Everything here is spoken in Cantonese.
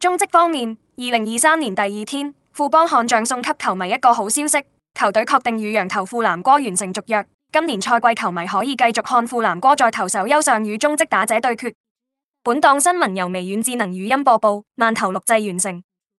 中職方面，二零二三年第二天，富邦悍將送給球迷一個好消息，球隊確定與洋投富南哥完成續約，今年賽季球迷可以繼續看富南哥在投手丘上與中職打者對決。本檔新聞由微軟智能語音播報，慢頭錄製完成。